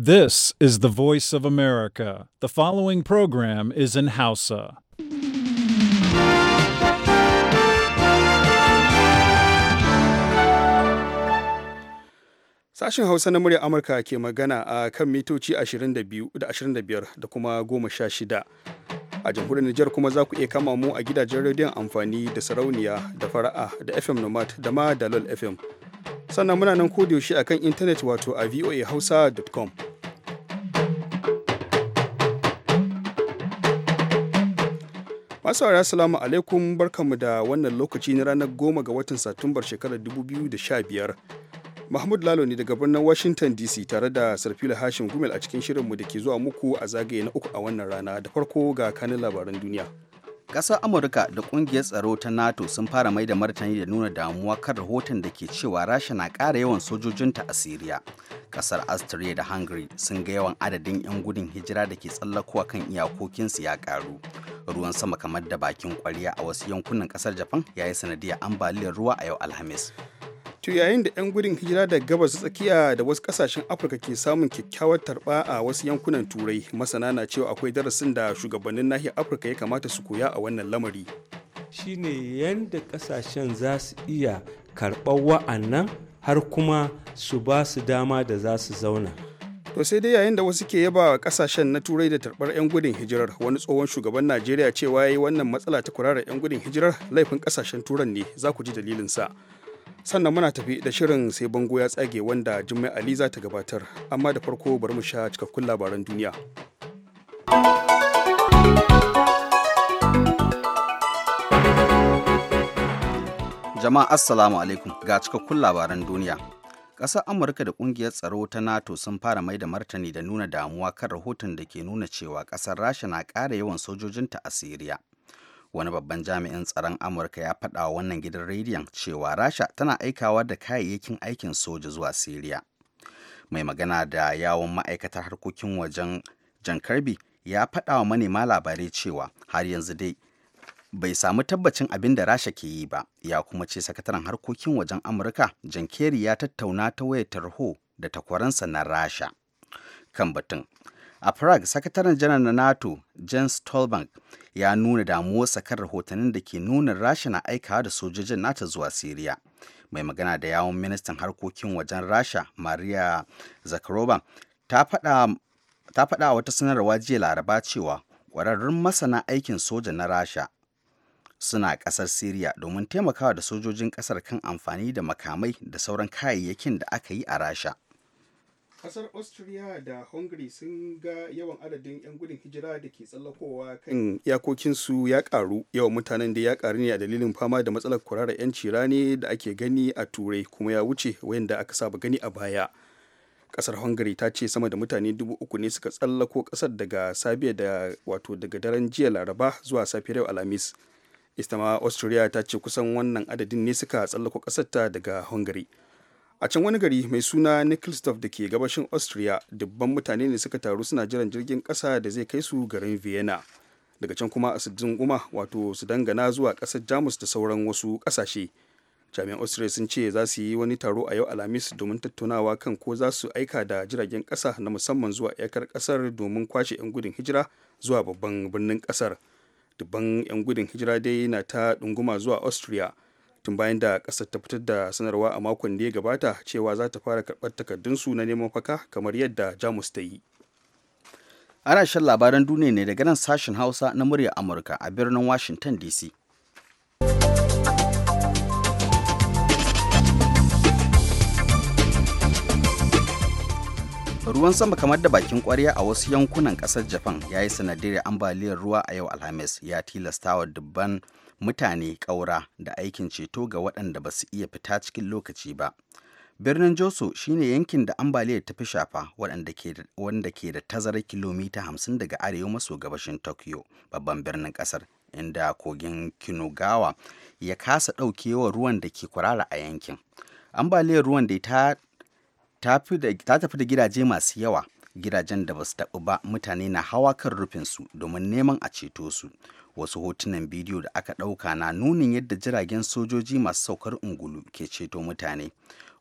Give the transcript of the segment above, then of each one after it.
This is the voice of America. The following program is in Hausa. Sashen Hausa na muryar Amurka ke magana a kan mitoci 22 da 25 da kuma 16. a jamhuriyar Nijar kuma za ku iya kama mu a gidajen rediyon amfani da sarauniya da fara'a da FM Nomad da ma Dalol FM. Sannan muna nan ko yaushe a kan intanet wato a voahausa.com. Masu saurara salamu alaikum barkanmu da wannan lokaci na ranar goma ga watan Satumbar shekarar 2015. Mahmud Lalo ne daga birnin Washington DC tare da Sarfila Hashim Gumel a cikin shirinmu da ke zuwa muku a zagaye na uku a wannan rana da farko ga kanin labaran duniya. Ƙasar Amurka da ƙungiyar tsaro ta NATO sun fara mai da martani da nuna damuwa kan rahoton da ke cewa Rasha na ƙara yawan sojojinta a Siriya. Ƙasar Austria da Hungary sun ga yawan adadin 'yan gudun hijira da ke tsallakowa kan iyakokinsu ya ƙaru. Ruwan sama kamar da bakin ƙwarya a wasu yankunan ƙasar Japan ya yi sanadiyar ambaliyar ruwa a yau Alhamis. to yayin da 'yan gudun hijira da gabas tsakiya da wasu kasashen afirka ke samun kyakkyawar tarba a wasu yankunan turai masana na cewa akwai darasin da shugabannin nahiyar afirka ya kamata su koya a wannan lamari shine yadda kasashen za su iya karɓar wa'annan har kuma su ba su dama da za su zauna to sai dai yayin da wasu ke yaba wa kasashen na turai da tarbar 'yan gudun hijirar wani tsohon shugaban najeriya cewa ya yi wannan matsala ta kurara 'yan gudun hijirar laifin kasashen turan ne za ku ji dalilinsa sa sannan muna tafi da shirin sai bango ya tsage wanda jimai ali za ta gabatar amma da farko bari mu sha cikakkun labaran duniya jama'a assalamu alaikum ga cikakkun labaran duniya ƙasar amurka da ƙungiyar tsaro ta nato sun fara mai da martani da nuna damuwa kan rahoton da ke nuna cewa ƙasar rasha na ƙara yawan sojojinta a siriya wani babban jami'in tsaron amurka ya faɗa wannan gidan rediyon cewa rasha tana aikawa da kayayyakin aikin soja zuwa siriya mai magana da yawon ma'aikatar harkokin wajen jan karbi ya faɗa wa manema labarai cewa har yanzu dai bai samu tabbacin abin da rasha ke yi ba ya kuma ce sakataren harkokin wajen amurka jan kerry ya tattauna ta wayar tarho da takwaransa na rasha kan batun a prague sakataren janar na nato jens stolberg ya nuna damuwa sakar rahotannin da ke nuna rasha na aikawa da sojojin nata zuwa syria mai magana da yawon ministan harkokin wajen rasha maria zakharova ta faɗa a wata sanarwa jiya laraba cewa ƙwararrun masana aikin soja na rasha suna ƙasar syria domin taimakawa da sojojin ƙasar kan amfani da makamai da sauran kayayyakin da aka yi a rasha kasar austria da hungary sun ga yawan adadin 'yan gudun hijira da ke tsallakowa kan hmm, iyakokinsu ya karu yawan mutanen da ya karu ne a dalilin fama da matsalar kwararar 'yanci rani da ake gani a turai kuma ya wuce wayanda aka saba gani a baya kasar hungary ta ce sama da mutane dubu uku ne suka tsallako kasar daga sabiya da wato daga daren jiya laraba zuwa safiyar yau alhamis ita ma austria ta ce kusan wannan adadin ne suka tsallako kasar ta daga hungary a can wani gari mai suna nickelsdorf da ke gabashin austria dubban mutane ne suka taru suna jiran jirgin kasa da zai kai su garin vienna daga can kuma a sujjin guma wato su dangana zuwa kasar jamus da sauran wasu kasashe jami'an austria sun ce za su yi wani taro a yau alhamis domin tattaunawa kan ko za su aika da jiragen kasa na musamman zuwa iyakar kasar domin kwashe 'yan gudun hijira zuwa babban birnin kasar dubban 'yan gudun hijira dai na ta ɗunguma zuwa austria tun bayan da ƙasar ta fitar da sanarwa a makon da ya gabata cewa za ta fara karɓar takardunsu na neman faka kamar yadda jamus ta yi ana shan labaran duniya ne daga nan sashen hausa na murya amurka a birnin washington dc ruwan sama kamar da bakin kwarya a wasu yankunan kasar japan ya yi sanadiyar ambaliyar ruwa a yau alhamis ya tilasta wa dubban mutane ƙaura da aikin ceto ga waɗanda ba su iya fita cikin lokaci ba. Birnin Joso shine yankin da ambaliyar ta fi shafa wanda ke da tazarar kilomita hamsin daga arewa maso gabashin Tokyo, babban birnin ƙasar, inda kogin Kinugawa ya kasa ɗaukewa ruwan da ke kwarara a yankin. Ambaliyar ruwan da ta tafi da gidaje masu yawa gidajen da ba su taɓu ba mutane na hawa kan rufin su domin neman a ceto su wasu hotunan bidiyo da aka ɗauka na nunin yadda jiragen sojoji masu saukar ungulu ke ceto mutane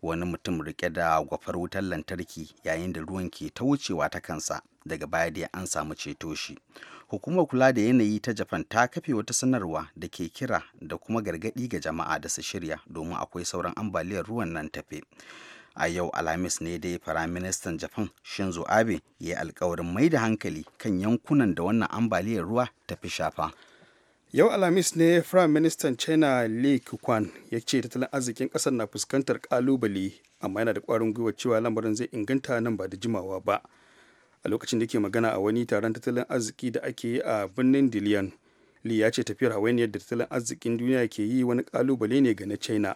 wani mutum rike da gwafar wutar lantarki yayin da ruwan ke ta wucewa ta kansa daga baya da an samu ceto shi hukumar kula da yanayi ta japan ta kafe wata sanarwa da ke kira da kuma gargaɗi ga jama'a da su shirya domin akwai sauran ambaliyar ruwan nan tafe a yau alhamis ne dai firaministan japan shinzo abe ya yi alkawarin mai da hankali kan yankunan da wannan ambaliyar ruwa ta fi shafa yau alhamis ne firaministan ministan china li kwan ya ce tattalin arzikin kasar na fuskantar kalubale amma yana da kwarin gwiwa cewa lamarin zai inganta nan ba da jimawa ba a lokacin da ke magana a wani taron tattalin arziki da ake yi a birnin dilian li ya ce tafiyar hawainiyar da tattalin arzikin duniya ke yi wani kalubale ne ga na china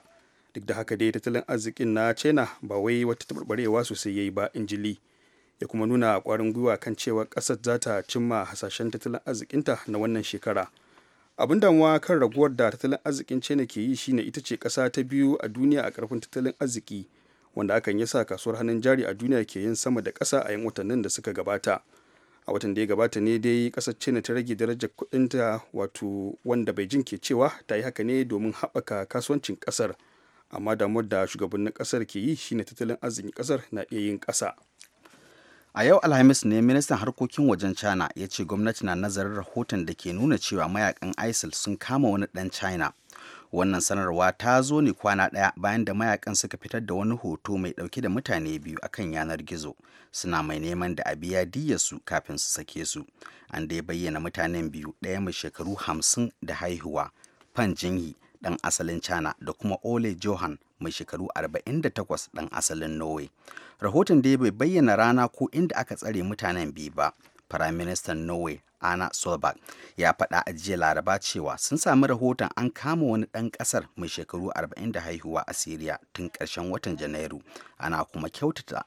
duk da haka dai tattalin arzikin na china ba wai wata taɓarɓarewa sosai ya yi ba in jili ya kuma nuna ƙwarin gwiwa kan cewa ƙasar za ta cimma hasashen tattalin arzikinta na wannan shekara abin damuwa kan raguwar da tattalin arzikin china ke yi shine ita ce ƙasa ta biyu a duniya a ƙarfin tattalin arziki wanda hakan ya sa kasuwar hannun jari a duniya ke yin sama da ƙasa a yan watannin da suka gabata a watan da ya gabata ne dai ƙasar china ta rage darajar kuɗinta wato wanda beijing ke cewa ta yi haka ne domin haɓaka kasuwancin ƙasar amma damar da shugabannin kasar ke yi shine tattalin arzikin kasar na iya yin kasa a yau alhamis ne ministan harkokin wajen china ya ce gwamnati na nazarin rahoton da ke nuna cewa mayakan isil sun kama wani dan china wannan sanarwa ta zo ne kwana daya bayan da mayakan suka fitar da wani hoto mai dauke da mutane biyu akan yanar gizo suna mai neman da a biya diyyarsu kafin su sake su an dai bayyana mutanen biyu daya mai shekaru hamsin da haihuwa fan jinhi ɗan asalin China da kuma Ole Johan mai shekaru 48 ɗan asalin Norway. Rahoton da bai bayyana rana ko inda aka tsare mutanen biyu ba. Firaministan Norway Anna Solberg ya faɗa a jiya Laraba cewa sun sami rahoton an kama wani ɗan ƙasar mai shekaru 40 da haihuwa a Siriya tun ƙarshen watan Janairu. Ana kuma kyautata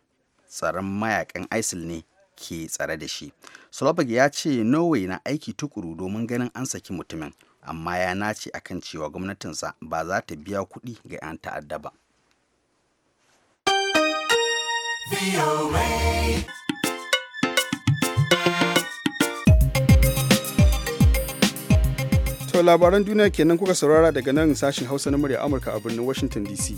tsaron mayakan ISIL ne ke tsare da shi. Solberg ya ce Norway na aiki tukuru domin ganin an saki mutumin. amma ya nace akan cewa gwamnatinsa ba za ta biya kuɗi ga 'yan ta'adda ba. To labaran duniya kenan kuka saurara daga nan sashen Hausa na murya Amurka a birnin Washington DC.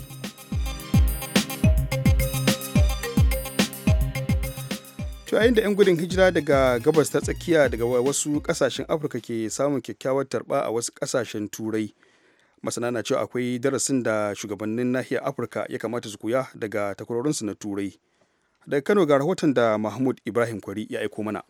To yayin da 'yan gudun hijira daga gabas ta tsakiya daga wasu kasashen Afirka ke samun kyakkyawar tarba a wasu kasashen Turai. Masana na cewa akwai darasin da shugabannin nahiyar Afirka ya kamata su koya daga takwarorinsu na Turai. Daga Kano ga rahoton da Mahmud Ibrahim Kwari ya aiko mana.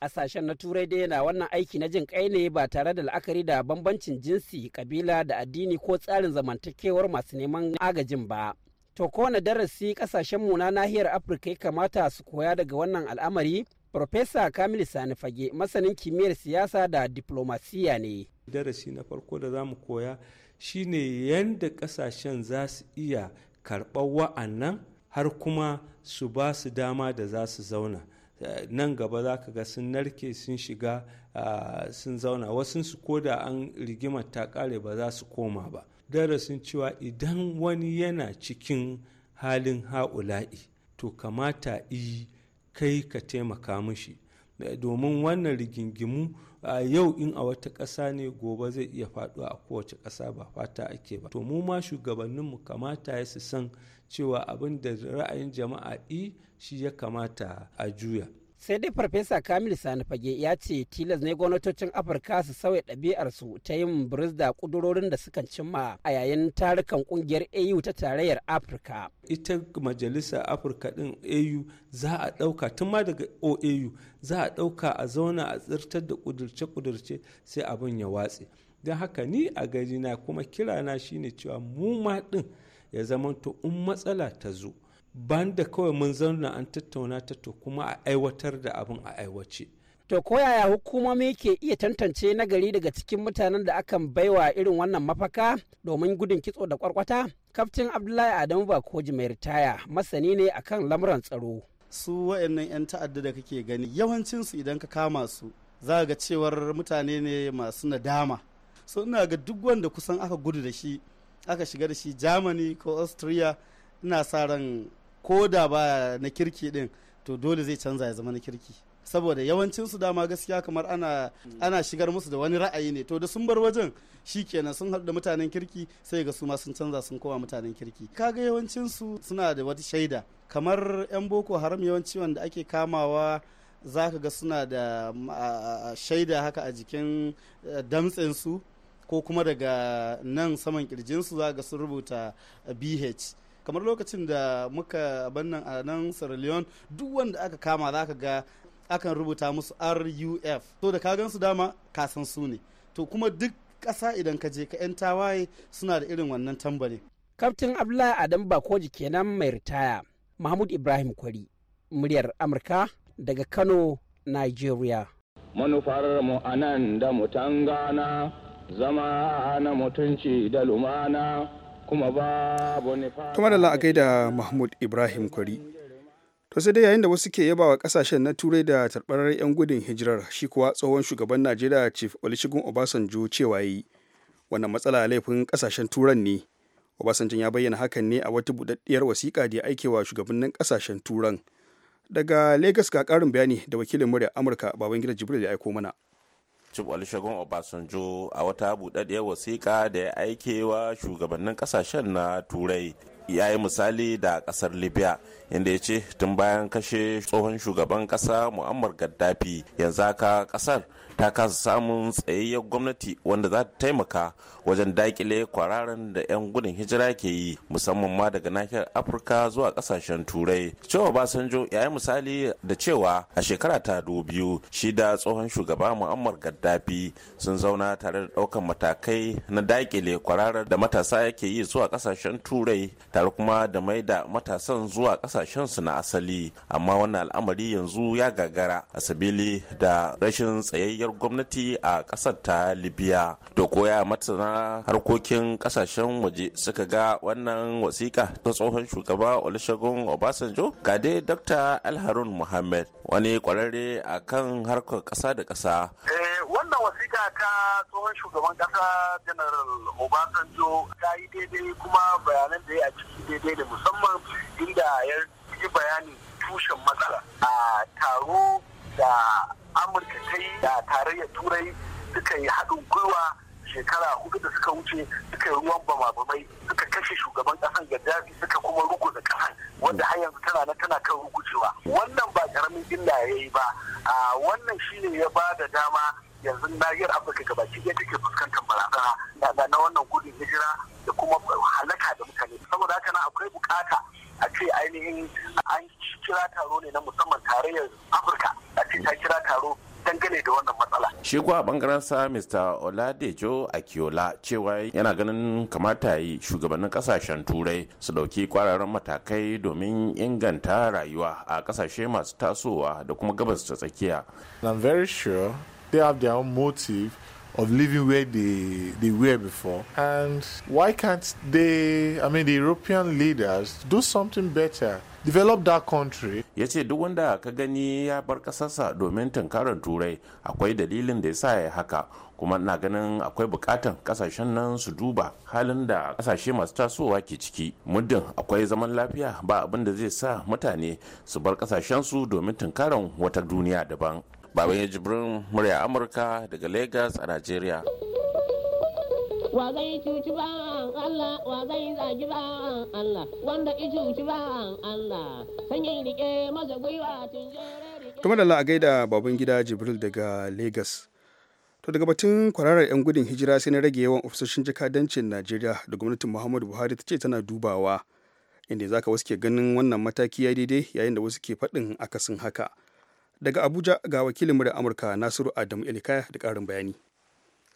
Kasashen na Turai dai yana wannan aiki na jin kai ne ba tare da la'akari da bambancin jinsi, kabila da addini ko tsarin zamantakewar masu neman agajin ba. To kowane darasi mu na nahiyar Afirka ya kamata su koya daga wannan al'amari? Profesa Kamil Sani Fage masanin kimiyyar siyasa da diplomasiya ne. Darasi na farko da za mu koya shine yadda kasashen za su iya karɓar wa'annan har kuma su ba su dama da za su zauna. nan gaba za ka ga sun narke sun shiga ah, sun zauna wasu su koda an rigimar ta kare ba za su koma ba darasin cewa idan wani yana cikin halin ha'ula'i to kamata yi kai ka taimaka mushi domin wannan rigingimu a yau in a wata ƙasa ne gobe zai iya faɗuwa a kowace ƙasa ba fata ake ba to mu ma shugabanninmu kamata ya su san cewa abin da ra'ayin jama'a i shi ya kamata a juya sai dai farfesa kamil sani fage ya ce tilas ne gwamnatocin afirka su sauya ɗabi'arsu ta yin biris da ƙudurorin da suka cimma a yayin tarukan ƙungiyar au ta tarayyar afirka ita majalisar afirka ɗin au za a ɗauka tun ma daga oau za a ɗauka a zauna a tsirtar da ƙudurce-ƙudurce sai abin ya watse don haka ni a gari na kuma kirana shine cewa mu ma ɗin ya zamanto in matsala ta zo banda kawai mun zauna an tattauna ta to kuma a aiwatar da abin a aiwace. To ko yaya hukumomi ke iya tantance nagari daga cikin mutanen da akan baiwa irin wannan mafaka domin gudun kitso da kwarkwata? Kaftin Abdullahi Adamu koji mai ritaya masani ne akan lamuran tsaro. Su wayannan 'yan ta'adda da kake gani yawancinsu idan ka kama su za ga cewar mutane ne masu nadama. So ina ga duk wanda kusan aka gudu da shi aka shiga da shi Germany ko Austria ina sa ran ko da ba na kirki din to dole zai canza ya zama na kirki saboda yawancin su dama gaskiya kamar ana ana shigar musu da wani ra'ayi ne to da sun bar wajen shi kenan sun haɗu da mutanen kirki sai ga su ma sun canza sun kowa mutanen kirki kaga yawancin su suna da wata shaida kamar yan boko haram yawanci wanda ake kamawa zaka ga suna da mm, shaida haka a jikin eh, damtsen su ko kuma daga nan saman kirjinsu za ga sun rubuta bh eh, kamar lokacin da muka bannan a nan sierra leone duk wanda aka kama za ka ga akan rubuta musu ruf to da ka gan su dama ka san su ne to kuma duk ƙasa idan ka je ka 'yan tawaye suna da irin wannan tambari kaftin abla adam bakoji kenan mai ritaya mahmud ibrahim kwari muryar amurka daga kano nigeria manufar mu anan da mutan gana zama na mutunci da lumana kuma da la'akai da mahmud ibrahim kwari to sai dai yayin da wasu ke yaba wa kasashen na turai da tarbarar 'yan gudun hijirar shi kuwa tsohon shugaban najeriya chief olusegun obasanjo cewa yi wannan matsala laifin kasashen turan ne obasanjo ya bayyana hakan ne a wata budaddiyar wasiƙa da ya aike wa shugabannin kasashen turan daga lagos ga karin bayani da wakilin murya amurka babangida jibril ya aiko mana cib olusegun obasanjo a wata budaddiyar wasiƙa da ya aikewa shugabannin ƙasashen na turai ya yi misali da kasar libya inda ya ce tun bayan kashe tsohon shugaban kasa muammar gaddafi yanzu haka kasar ta kasa samun tsayayyar gwamnati wanda za ta taimaka wajen dakile kwararan da 'yan gudun hijira ke yi musamman ma daga nahiyar afirka zuwa kasashen turai cewa basanjo ya yi misali da cewa a shekara ta biyu shi da tsohon shugaba muammar gaddafi sun zauna tare da daukan matakai na dakile kwararar da matasa yake yi zuwa kasashen turai tare kuma da mai da matasan zuwa kasashensu na asali amma wannan al'amari yanzu ya gagara a sabili da rashin tsayayyar gwamnati a ƙasar ta libya to koya matana harkokin kasashen waje suka ga wannan wasiƙa ta tsohon shugaba olusegun obasanjo ga dai dr alharun muhammad wani kwararre a kan harkar ƙasa da ƙasa eh, wannan wasiƙa ta tsohon shugaban ƙasa general obasanjo ta yi daidai kuma bayanan da ya ci lokaci daidai da musamman inda ya yi bayani tushen matsala a taro da amurka ta yi da tarayyar turai suka yi haɗin gwiwa shekara hudu da suka wuce suka yi ruwan bama-bamai suka kashe shugaban ƙasan gaddafi suka kuma da ƙasan wanda har yanzu tana na tana kan rugucewa wannan ba karamin illa ya yi ba wannan shine ya ba da dama yanzu nahiyar afirka gabaki ɗaya take fuskantar barazana na wannan gudun hijira da kuma halaka da mutane saboda haka na akwai bukata a ce ainihin an kira taro ne na musamman tarayyar afirka a ce ta kira taro dangane da wannan matsala. Shi kuwa bangaren sa Mr. Oladejo Akiola cewa yana ganin kamata yi shugabannin kasashen turai su dauki kwararan matakai domin inganta rayuwa a kasashe masu tasowa da kuma gabas ta tsakiya. I'm very sure They have their own motive of living where they, they were before. And why can't they, I mean, the European leaders do something better? develop that country. Ya ce duk wanda ka gani ya bar kasarsa domin tunkarar turai akwai dalilin da ya sa ya haka kuma na ganin akwai bukatan kasashen nan su duba halin da kasashe masu tasowa ke ciki muddin akwai zaman lafiya ba abin da zai sa mutane su bar kasashensu domin tunkarar wata duniya daban. baban ya jibrin murya amurka daga lagos a nigeria wa zai cuci ba Allah wa zai zagi ba Allah wanda cuci ba Allah sanye rike masa gwiwa tun kuma da la'agai da baban gida jibril daga lagos to daga batun kwararar 'yan gudun hijira sai na rage yawan ofisoshin jakadancin najeriya da gwamnatin muhammadu buhari ta ce tana dubawa inda za ka wasu ke ganin wannan mataki ya daidai yayin da wasu ke faɗin akasin haka Daga Abuja ga wakilinmu da Amurka Nasiru Adamu ilikaya da ƙarin bayani.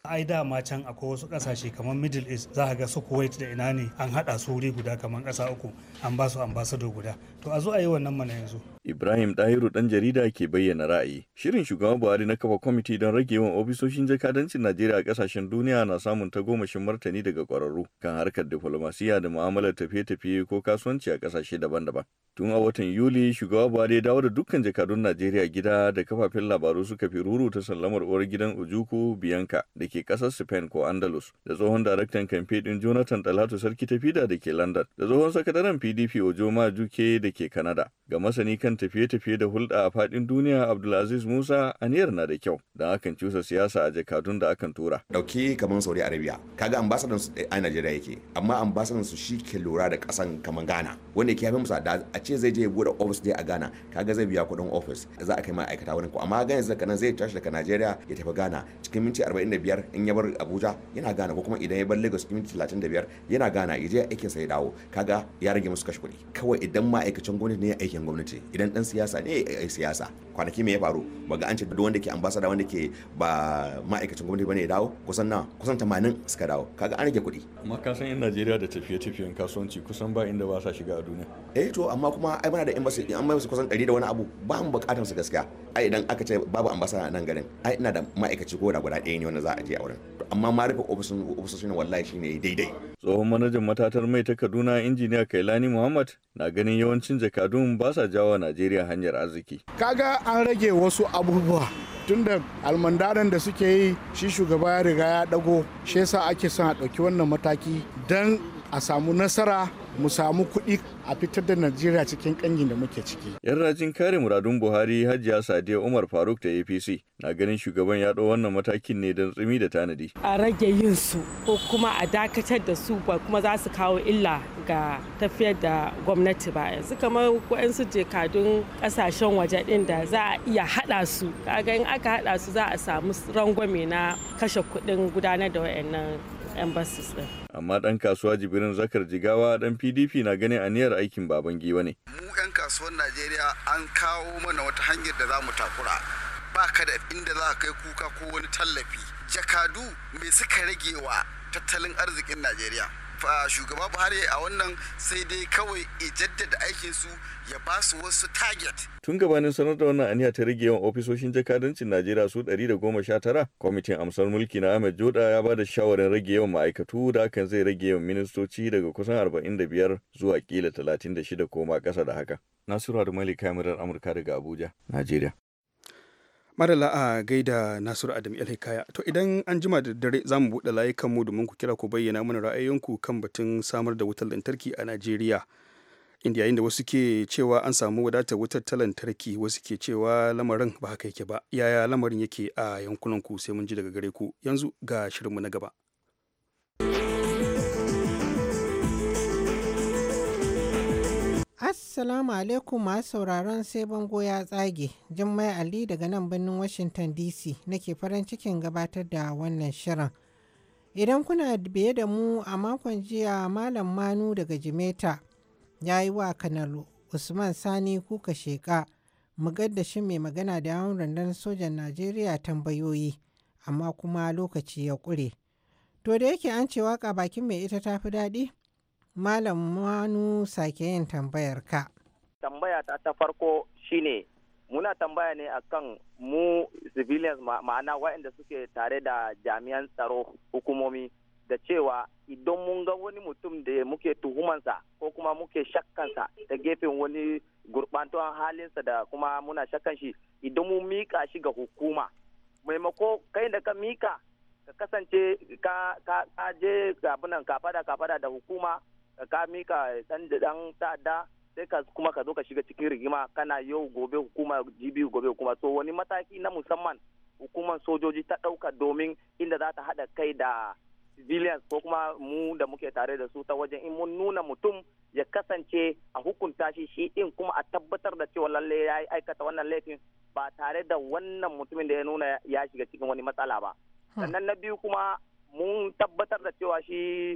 ai dama can akwai wasu kasashe kamar middle east za a ga su kuwait da ina ne an haɗa su wuri guda kamar kasa uku an ba su ambasado guda to a zo a yi wannan mana yanzu ibrahim ɗahiru ɗan jarida ke bayyana ra'ayi shirin shugaban buhari na kafa kwamiti don rage yawan ofisoshin jakadancin najeriya a kasashen duniya na samun tagomashin martani daga kwararru kan harkar diflomasiya da mu'amalar tafiye-tafiye ko kasuwanci a ƙasashe daban-daban tun a watan yuli shugaba buhari ya dawo da dukkan jakadun najeriya gida da kafafen labaru suka fi ruru ta sallamar uwar gidan ujuku biyanka da ke ke ƙasar Spain ko Andalus, da tsohon daraktan kamfe ɗin Jonathan Talatu Sarki Tafida da ke London, da tsohon sakataren PDP Ojoma Juke da ke Canada. Ga masani kan tafiye-tafiye da hulɗa a faɗin duniya Abdulaziz Musa aniyar na da kyau, da akan cusa siyasa a jakadun da akan tura. dauke kamar Saudi Arabia, kaga ambasadan su a Najeriya yake, amma ambasadan su shi ke lura da ƙasan kamar Ghana, wanda ke haifin musa a ce zai je ya bude ofis dai a Ghana, kaga zai biya kuɗin office, za a kai aikata wurin ko amma ga zai kana zai tashi daga Najeriya ya tafi Ghana cikin minti 45 biyar in ya bar abuja yana gana ko kuma idan ya bar lagos minti talatin da biyar yana gana ya je aikin sa ya dawo kaga ya rage musu kashe kuɗi kawai idan ma'aikacin gwamnati ne ya aikin gwamnati idan dan siyasa ne ya yi siyasa kwanaki me ya faru baga an ce duk wanda ke ambasada wanda ke ba ma'aikacin gwamnati bane ya dawo kusan na kusan tamanin suka dawo kaga an rage kuɗi amma ka san yan Najeriya da tafiye-tafiyen kasuwanci kusan ba inda ba sa shiga a duniya eh to amma kuma ai muna da in basu an mai kusan ɗari da wani abu ba mu buƙatar su gaskiya ai idan aka ce babu ambasada nan garin ai ina da ma'aikaci ko da guda ɗaya ne wanda za a ta yi auren amma marifa rufe ofisoshin wallahi shine daidai tsohon manajan matatar mai ta kaduna injiniya kailani muhammad na ganin yawancin jakadun ba sa jawa najeriya hanyar arziki kaga an rage wasu abubuwa tunda almandaran da suke yi shi shugaba ya riga ya dago shi yasa ake son a ɗauki wannan mataki don a samu nasara mu samu kuɗi a fitar da Najeriya cikin ƙangin da muke ciki. Yan rajin kare muradun Buhari Hajiya Sadiya Umar Faruk ta APC na ganin shugaban ya ɗau wannan matakin ne don tsimi da tanadi. A rage yin su ko kuma a dakatar da su ba kuma za su kawo illa ga tafiyar da gwamnati ba yanzu kamar waɗansu jekadun ƙasashen waje ɗin da za a iya haɗa su kaga in aka haɗa su za a samu rangwame na kashe kuɗin gudanar da waɗannan 'yan basis ɗin. Amma ɗan kasuwa jibirin zakar jigawa ɗan PDP na ganin aniyar aikin baban giwa ne. Mu 'yan kasuwar Najeriya an kawo mana wata hanyar da za mu takura. Ba ka da inda za ka kai kuka ko wani tallafi. Jakadu me suka rage wa tattalin arzikin Najeriya. shugaba buhari a wannan sai dai kawai ya jaddada su ya ba su wasu target tun gabanin sanar da wannan aniya ta rage yawan ofisoshin jakadancin najeriya su 119 kwamitin amsar mulki na ahmed joda ya ba da shawarin rage yawan ma'aikatu da hakan zai rage yawan ministoci daga kusan 45 zuwa kila 36 ko ma kasa da haka nasiru da malika amurka daga abuja najeriya mara a gaida Nasiru Adam Alhikaya. To idan an jima da dare za mu buɗe mu domin ku kira ku bayyana mana ra'ayoyinku kan batun samar da wutar lantarki a Najeriya. Inda yayin da wasu ke cewa an samu wadatar wutar ta lantarki wasu ke cewa lamarin ba haka yake ba. Yaya lamarin yake a yankunanku sai mun ji daga gare ku. Yanzu ga shirinmu na gaba. Assalamu alaikum masu sauraron sai bango ya tsage, Jummai Ali daga nan birnin Washington DC nake farin cikin gabatar da wannan shirin. Idan kuna biye da mu a makon jiya Malam Manu daga Jimeta ya yi wa Kanal Usman Sani kuka sheƙa mugaddashin mai magana da yawon rundunar sojan Najeriya tambayoyi, amma kuma lokaci ya ƙure. To da yake an ce waka bakin mai ita ta fi daɗi? Malam Manu sake yin tambayar ka. Tambaya ta ta farko shine muna tambaya ne akan mu civilians ma'ana waɗanda suke tare da jami'an tsaro hukumomi da cewa idan mun ga wani mutum da muke tuhumansa ko kuma muke shakkansa ta gefen wani gurbantuwan halinsa da kuma muna shakkan shi idan mun mika shi ga hukuma maimako kai da ka mika ka kasance ka je abinan kafada kafada da hukuma ka mika dan dan ta'adda sai ka kuma ka zo ka shiga cikin rigima kana yau gobe hukuma jibi gobe hukuma so wani mataki na musamman hukumar sojoji ta ɗauka domin inda za ta haɗa kai da civilians ko kuma mu da muke tare da su ta wajen in mun nuna mutum ya kasance a hukunta shi shi din kuma a tabbatar da cewa lalle ya aikata wannan laifin ba tare da wannan mutumin da ya nuna ya shiga cikin wani matsala ba hmm. sannan na biyu kuma mun tabbatar da cewa shi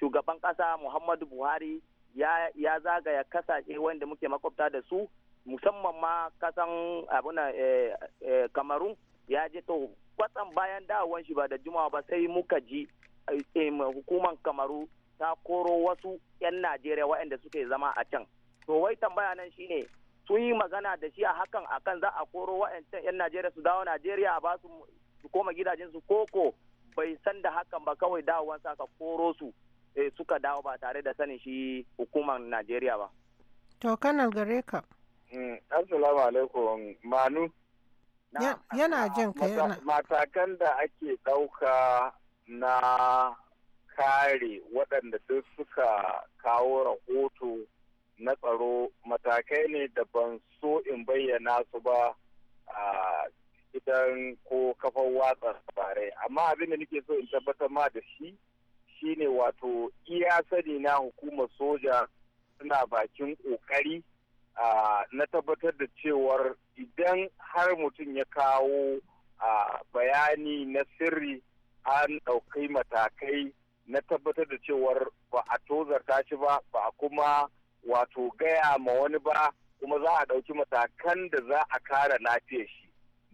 shugaban kasa muhammadu buhari ya, ya zagaya kasashe wanda muke makwabta da su musamman ma kasan abuna eh, eh ya je to kwatsan bayan dawon shi ba da jimawa ba sai muka ji eh, eh hukuman kamaru ta koro wasu 'yan najeriya waɗanda suke zama a can to wai tambaya nan shine sun yi magana da shi a hakan akan za a koro wa'ancan 'yan najeriya su dawo najeriya a ba su koma gidajensu koko bai san da hakan ba kawai sa aka koro su eh, suka dawo ba tare da sanin shi hukumar najeriya ba to kanar gare ka mm, assalamu alaikum manu yana jin ka yana matakan da ake ɗauka na kare waɗanda duk suka kawo rahoto na tsaro matakai ne da ban so in bayyana su ba a ah, idan ko kafar watsa labarai amma abin da nake so in tabbatar ma da shi shine wato iya sani na hukumar soja suna bakin kokari na tabbatar da cewar idan har mutum ya kawo bayani na sirri an ɗaukai matakai na tabbatar da cewar ba a tozarta shi ba ba kuma wato gaya ma wani ba kuma za a ɗauki matakan da za a kare lafiyar shi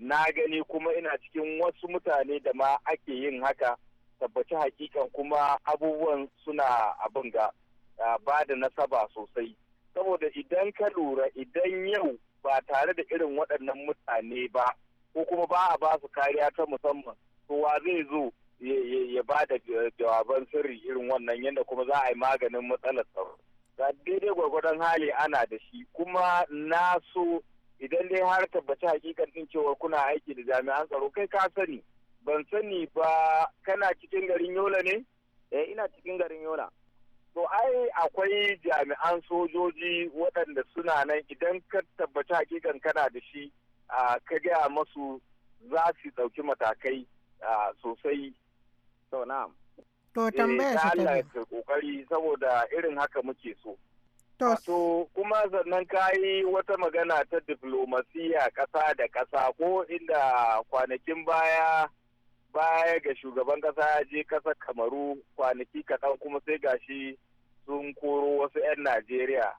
na gani kuma ina cikin wasu mutane da ma ake yin haka tabbaci hakikan kuma abubuwan suna abin ga ba da nasaba sosai saboda idan ka lura idan yau ba tare da irin waɗannan mutane ba ko kuma ba a ba su kariya ta musamman to wa zai zo ya ba da jawaban sirri irin wannan yadda kuma za a yi maganin matsalar tsaro daidai gwargwadon hali ana da shi kuma na so idan dai har tabbaci hakikan din cewa kuna aiki da jami'an tsaro kai ka sani ban sani ba kana cikin garin yola ne eh ina cikin garin yola to ai akwai jami'an sojoji waɗanda suna nan idan ka tabbaci hakikan kana da shi ka gaya masu za su ɗauki matakai sosai to na'am to tambaya shi eh, ta kokari saboda irin haka muke so To kuma sannan ka yi wata magana ta diflomasiya ƙasa da ƙasa ko inda kwanakin baya baya ga shugaban ƙasa ya je ƙasa kamaru kwanaki kaɗan kuma sai gashi sun koro wasu 'yan Najeriya.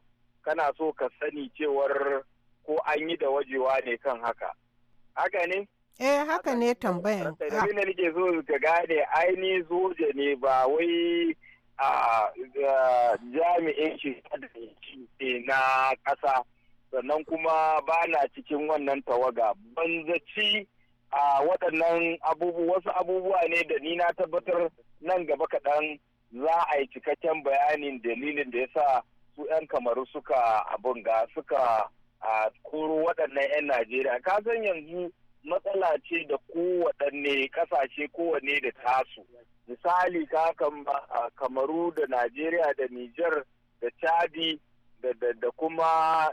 Kana so ka sani cewar ko an yi da wajewa ne kan haka. Haka ne? Eh haka ne tambayan. Abin nake so ga gane ainihin soja ne ba wai a jami'in shi na ƙasa sannan kuma ba na cikin wannan tawaga banzaci a waɗannan abubuwa wasu abubuwa ne da ni na tabbatar nan gaba kaɗan za a yi cikakken bayanin dalilin da ya sa su 'yan kamaru suka abin ga suka koro waɗannan 'yan najeriya ka san yanzu matsala ce da kowaɗanne ƙasashe kowane da tasu misali ka kamaru da najeriya da niger da chadi da kuma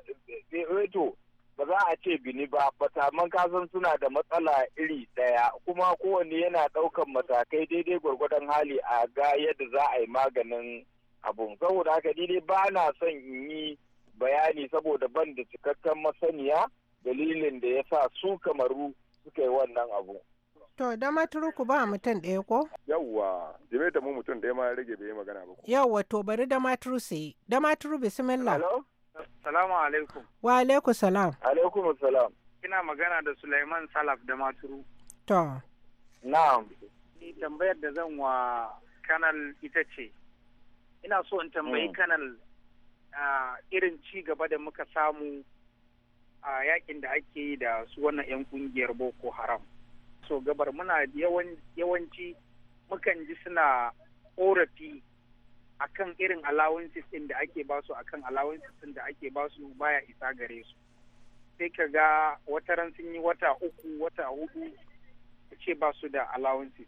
eto eh, eh, ba za a ce bini ba bataman kasan suna da matsala iri daya kuma kowanne yana daukan matakai daidai gwargwadon hali a ga yadda za a yi maganin abun saboda haka daidai ba na son in yi bayani saboda ban da cikakken masaniya dalilin da ya sa su kamaru suka yi wannan abu To da maturku ba mutum ɗaya ko? Yawwa, jime da mu mutum ɗaya ma ya rage bai magana ba. Yawwa to bari da maturu yi. Da maturu bismillah. Hello? Salamu alaikum. Wa alaikum salam. Alaikum salam. Kina magana da Sulaiman Salaf da maturu. To. Na'am. Ni tambayar da zan wa kanal ita ce. Ina so in tambayi mm. kanal irin ci gaba da muka samu a yakin da ake yi da su wannan 'yan kungiyar Boko Haram. so gabar muna yawanci mukan ji suna korafi kan irin allowances ɗin da ake basu akan allowances ɗin da ake basu baya isa gare su sai ka ga wata ran sun yi wata uku wata hudu ce ba su da allowances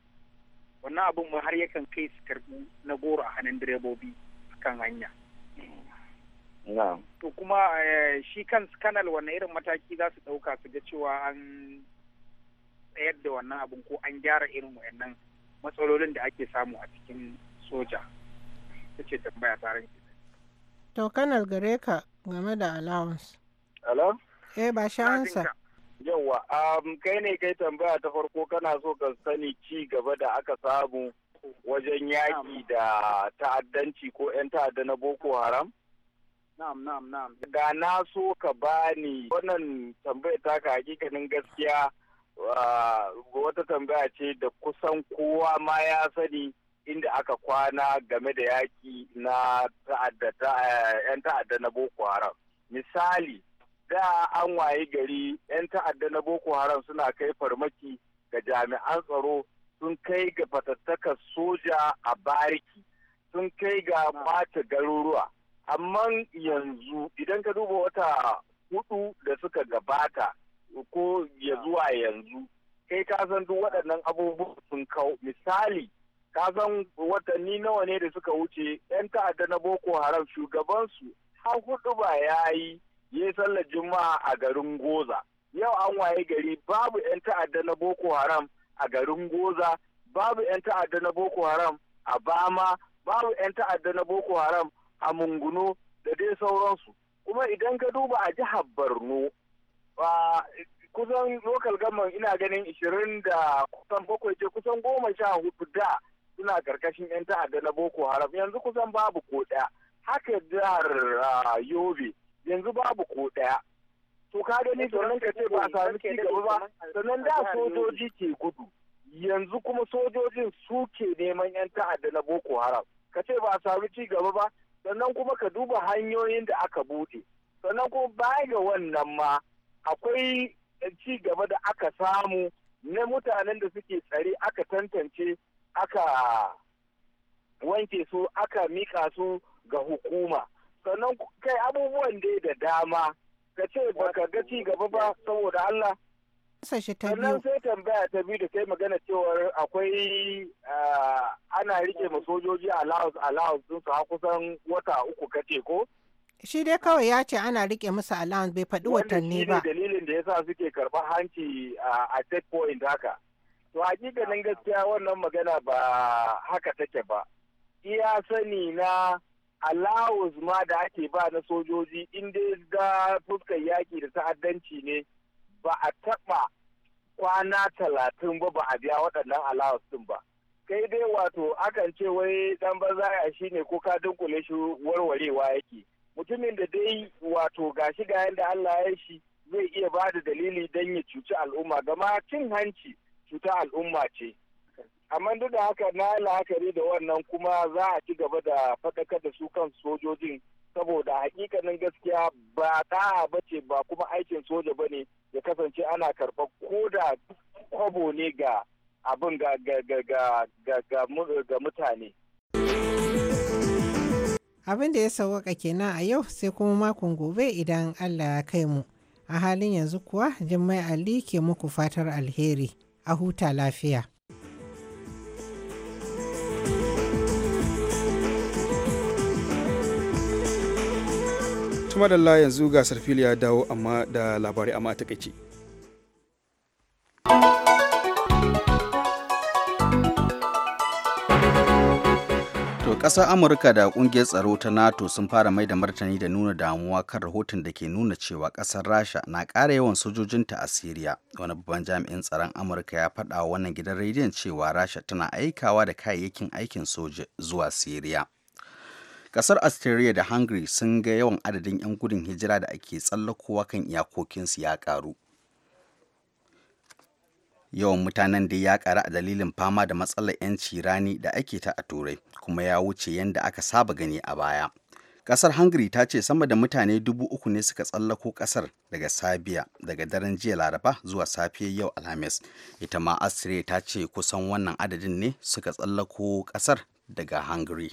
wannan abin mu har yakan kai su karbi na goro a hannun direbobi a kan hanya to kuma eh, shi kan skanal wani irin mataki za su ɗauka su ga cewa an tsayar da wannan abin ko an gyara irin wayannan matsalolin da ake samu a cikin soja ta ce tambaya tsarin to kanar gare ka game da allowance hello eh ba ansa yawa um, kai ne kai tambaya ta farko kana so ka sani ci gaba da aka samu wajen yaƙi da ta'addanci ko 'yan ta'adda na boko haram Na'am, na'am, na'am. Da na so ka bani wannan tambayar taka hakikanin gaskiya wata tambaya ce da kusan kowa ma ya sani inda aka kwana game da yaki na eh, yan ta'adda na boko haram misali da an waye gari yan ta'adda na boko haram suna kai farmaki ga jami'an tsaro sun kai ga fatattakar soja a bariki sun kai ga mata garuruwa amma yanzu idan ka duba wata hudu da suka gabata ko ya zuwa yanzu kai ka san duk waɗannan abubuwan sun kau misali ka san watanni nawa ne da suka wuce 'yan ta'adda na boko haram shugabansu har hudu ba ya yi ya yi sallar juma'a a garin goza yau an waye gari babu 'yan ta'adda na boko haram a garin goza babu 'yan ta'adda na boko haram a bama babu 'yan ta'adda na boko haram a munguno da dai sauransu kuma idan ka duba a jihar borno kusan local government ina ganin ishirin da kusan bakwai ce kusan goma sha hudu da suna karkashin yan ta'adda na boko haram yanzu kusan babu ko daya haka jihar ah, yobe yanzu babu ko daya to ka gani domin ka ce ba sami ci gaba ba sannan da sojoji ke gudu yanzu kuma sojojin suke neman yan ta'adda na boko haram ka ce ba sami ci gaba ba sannan kuma ka duba hanyoyin da aka bude sannan kuma baya ga wannan ma akwai ci gaba da aka samu na mutanen da suke tsare aka tantance aka wanke su aka mika su ga hukuma sannan kai abubuwan dai da dama ka ce baka ga ci gaba ba saboda Allah sannan sai tambaya ta biyu da kai magana cewar akwai ana rike ma sojoji allowance allowance sun kusan wata uku kace ko Shi dai kawai ya ce ana rike musu allowance bai faɗi watanni ba. Wannan dalilin da ya sa suke karɓar hanci a dead point haka. To hakikanin gaskiya wannan magana ba haka take ba. Iya sani na allowance ma da ake ba na sojoji in dai ga fuskar yaƙi da ta'addanci ne ba a taɓa kwana talatin ba ba a biya waɗannan allowance ɗin ba. Kai dai wato akan ce wai ɗan ya shi ne ko ka dunkule shi warwarewa yake. mutumin da dai wato gashi ga yadda Allah ya shi zai iya ba da dalili don ya cuci al'umma gama cin hanci cuta al'umma ce amma duk da haka na la'akari da wannan kuma za a ci gaba da faɗakar da su kan sojojin saboda hakikanin gaskiya ba ɗa'a ba ce ba kuma aikin soja ba ne ya kasance ana karɓar ko da kwabo ne ga abin ga mutane Abin da ya sauwaka kenan a yau sai kuma makon gobe idan Allah ya kai mu. A halin yanzu kuwa jimmai Ali ke muku fatar alheri. A huta lafiya. Tumadalla yanzu gasar fili ya dawo amma da labarai amma a takaice. ƙasar amurka da ƙungiyar tsaro ta nato sun fara mai da martani da nuna damuwa kan rahoton da ke nuna cewa ƙasar rasha na kara yawan sojojinta a siriya wani babban jami'in tsaron amurka ya faɗa wa wannan gidan rediyon cewa rasha tana aikawa da kayayyakin aikin soja zuwa siriya ƙasar austria da hungary sun ga yawan adadin 'yan gudun hijira da ake tsallakowa kan iyakokinsu ya ƙaru yawan mutanen da ya ƙara a dalilin fama da matsalar 'yanci rani da ake ta a turai kuma ya wuce yadda aka saba gani a baya. Ƙasar Hungary ta ce sama da mutane dubu uku ne suka tsallako ƙasar daga Sabiya daga daren jiya Laraba zuwa safiya yau Alhamis. Ita ma Austria ta ce kusan wannan adadin ne suka tsallako ƙasar daga Hungary.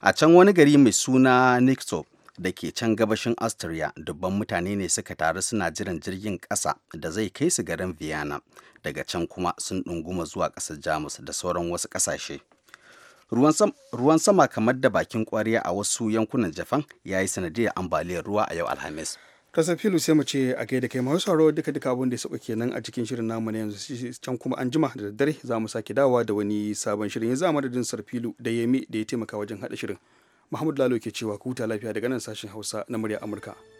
A can wani gari mai suna Nixop da ke can gabashin Austria dubban mutane ne suka taru suna jiran jirgin ƙasa da zai kai su garin Vienna daga can kuma sun ɗunguma zuwa ƙasar Jamus da sauran wasu ƙasashe. ruwan sama kamar da bakin kwariya a wasu yankunan japan ya yi sanadiyar ambaliyar ruwa a yau alhamis kasafilu sai mu ce a gaida kai masu sauraro duka duka abin da ya sauka kenan a cikin shirin namu na yanzu can kuma an jima da daddare za mu sake dawa da wani sabon shirin ya zama madadin sarfilu da yemi da ya taimaka wajen haɗa shirin muhammadu lalo ke cewa ku huta lafiya daga nan sashen hausa na murya amurka